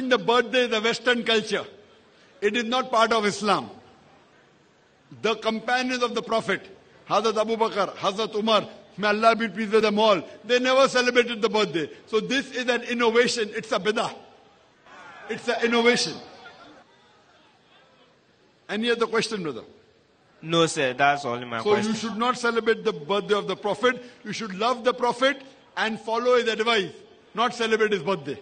In the birthday the Western culture. It is not part of Islam. The companions of the Prophet, Hazrat Abu Bakr, Hazrat Umar, may Allah be pleased with them all, they never celebrated the birthday. So this is an innovation. It's a bidah. It's an innovation. Any other question, brother? No, sir. That's all my so question. So you should not celebrate the birthday of the Prophet. You should love the Prophet and follow his advice, not celebrate his birthday.